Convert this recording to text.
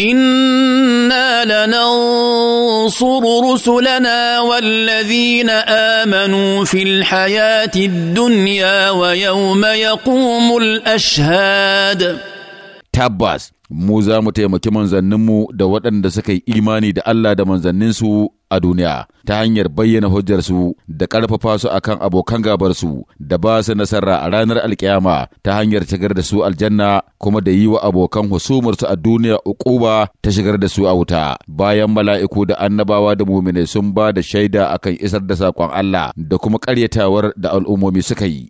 انا لننصر رسلنا والذين امنوا في الحياه الدنيا ويوم يقوم الاشهاد tabbas mu za mu taimaki manzanninmu da waɗanda suka yi imani da Allah da manzanninsu a duniya ta hanyar bayyana hujjarsu da ƙarfafa su kan abokan gabarsu da ba su nasara a ranar alkiyama ta hanyar shigar da su aljanna kuma da yi wa abokan husumarsu a duniya ukuba ta shigar da su a wuta bayan mala'iku da annabawa da muminai sun ba da shaida akan isar da saƙon Allah da kuma ƙaryatawar da al'ummomi suka yi